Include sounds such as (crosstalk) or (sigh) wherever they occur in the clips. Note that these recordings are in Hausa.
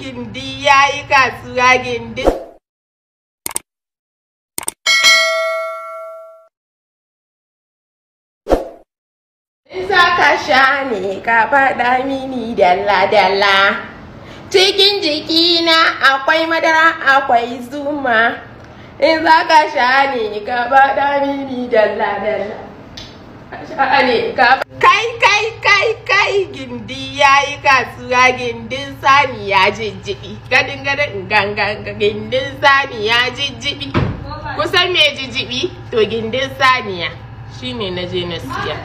gindi ya yi kasuwa gindi. Shani ka sha faɗa mini dalla-dalla. Cikin jikina akwai madara akwai zuma. In za ka sha ka faɗa mini dalla-dalla. Kai, kai, kai, kai gindi. ya yi kasuwa gindin sani ya jijjibi gadin gadin gangan gindin sani ya jijjibi kusan me jijjibi to gindin saniya shine na je na siya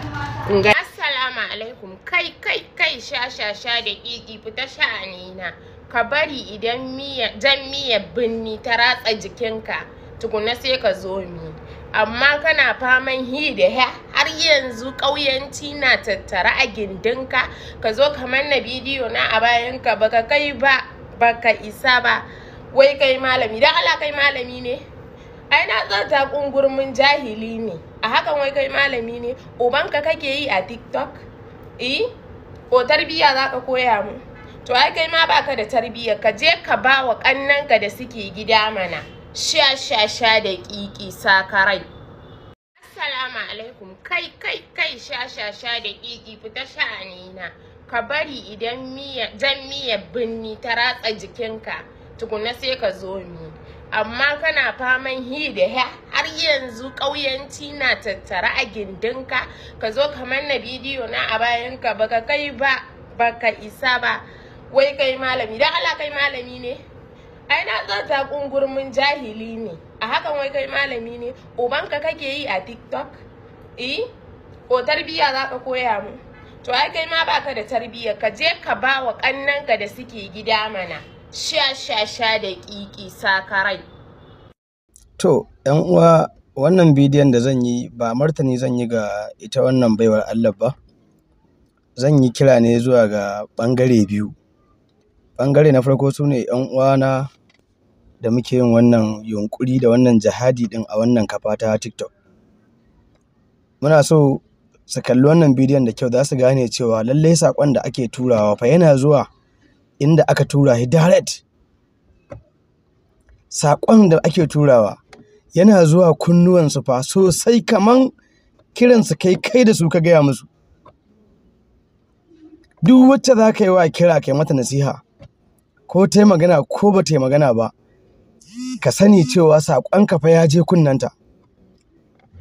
assalamu alaikum kai kai kai sha sha sha da kiki fita sha'anina ka bari idan miya jan miya binni ta ratsa jikinka tukuna sai ka zo mi amma kana faman hi da ha yanzu ƙauyenci na tattara a gindinka ka zo ka manna bidiyo na a bayanka baka kai ba baka isa ba wai kai malami da Allah kai malami ne ai na tsarta kungurmin jahili ne a hakan wai kai malami ne ubanka kake yi a tiktok eh ko tarbiyya za ka koya mu to ai kai ma baka da tarbiyya ka je ka ba wa kannanka da suke gida mana sha sha sha da kiki sakarai assalamu alaikum kai kai kai sha sha sha da ƙiƙi fita na ka bari idan miya jan miya binni ta ratsa jikinka tukuna sai ka zo mi amma kana faman hi da ha har yanzu ƙauyenci na tattara a gindinka ka zo ka manna bidiyo na a bayanka baka kai ba baka isa ba wai kai malami dan Allah kai malami ne ai na tsata kungurmin jahili ne a hakan wai kai malami ne ubanka kake yi a tiktok eh ko tarbiyya za ka koya mu to ai kai ma baka da tarbiyya ka je ka ba wa ka da suke gida mana sha sha sha da kiki sakarai to yan uwa wannan bidiyon da zan yi ba martani zan yi ga ita wannan baiwar Allah ba zan yi kira ne zuwa ga ɓangare biyu ɓangare na farko sune ne ‘yan uwana da muke yin wannan yunƙuri da wannan jihadi din a wannan kafa ta TikTok muna so su kalli wannan bidiyon da kyau za su gane cewa lallai saƙon da ake turawa fa yana zuwa inda aka tura shi direct saƙon da ake turawa yana zuwa kunnuwansu fa sosai kaman kiransu kai kai da su ka gaya musu duk wacce za ka yi wa kira kai mata nasiha ko ta yi magana ko ba ta yi magana ba ka sani cewa saƙon fa ya je kunnanta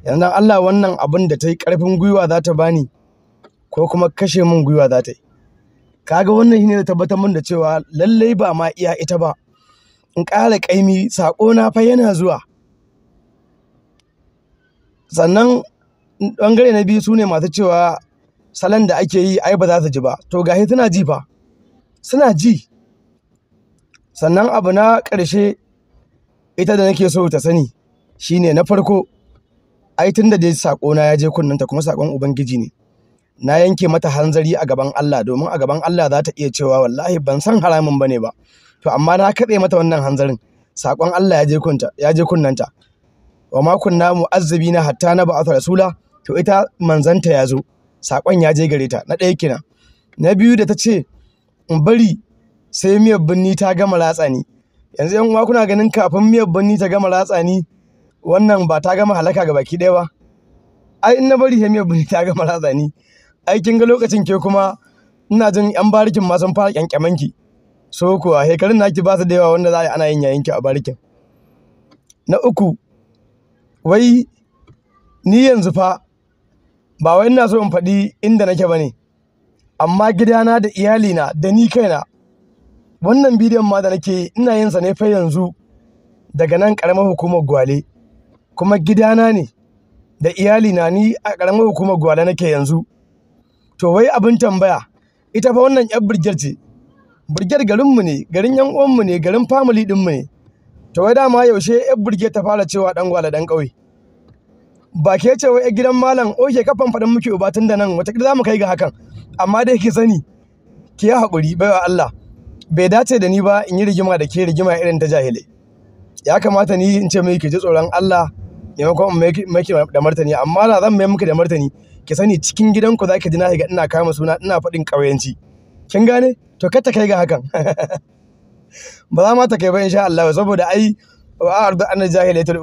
yanzu Allah wannan abin da ta yi ƙarfin gwiwa za ta bani ko kuma kashe min gwiwa za ta yi kaga wannan shine da tabbatar min da cewa lallai ba ma iya ita ba in ƙara ƙaimi saƙo na fa yana zuwa sannan bangare na biyu sune ne masu cewa salon da ake yi ai ba za su ji ba to gashi suna ji fa suna ji sannan abu na ƙarshe ita da nake so ta sani shine na farko ai tun da dai sako na ya je kunnanta kuma sakon ubangiji ne na yanke mata hanzari a gaban Allah domin a gaban Allah za ta iya cewa wallahi ban san haramin ne ba to amma na katse mata wannan hanzarin sakon Allah ya je kunta ya je kunnanta wa ma kunna mu'azzibina hatta na ba'atha rasula to ita manzanta ya zo sakon ya je gare ta na ɗaya kina. na biyu da ta ce in bari sai miyar birni ta gama ratsa ni yanzu yan uwa kuna ganin kafin miyar birni ta gama ratsa ni wannan ba ta gama halaka ga baki ɗaya ba ai in na bari hemiya miyar ta gama razani ai kin ga lokacin ke kuma ina jin yan barikin ma sun fara kyankyamanki so kuwa shekarun naki ba su da yawa wanda za a ana yin yayin ki a barikin na uku wai ni yanzu fa ba wai ina so in faɗi inda nake ba ne amma gidana da iyalina da ni kaina wannan bidiyon ma da nake ina yin sa ne fa yanzu daga nan ƙaramar hukumar gwale kuma gidana ne da iyali na ni a ƙaramar hukumar gwale nake yanzu to wai abin tambaya ita fa wannan yar birgir ce birgir garinmu ne garin yan uwanmu ne garin family ɗinmu ne to wai dama yaushe yar birgir ta fara cewa dan gwale dan ƙauye ba ke ce wai gidan malam oke kafan faɗin muke uba tun da nan wata za mu kai ga hakan amma dai ki sani ki yi haƙuri baiwa Allah bai dace da ni ba in yi rigima da ke rigima irin ta jahilai ya kamata ni in ce mai ki ji tsoron Allah maimakon mai maki da martani amma da zan mai miki da martani ki sani cikin gidanku zaki ji na ga ina kama suna ina faɗin ƙauyenci kin gane to ka ta kai ga hakan (laughs) ba za ma ta kai ba insha Allah saboda ai wa ardu anna jahilatul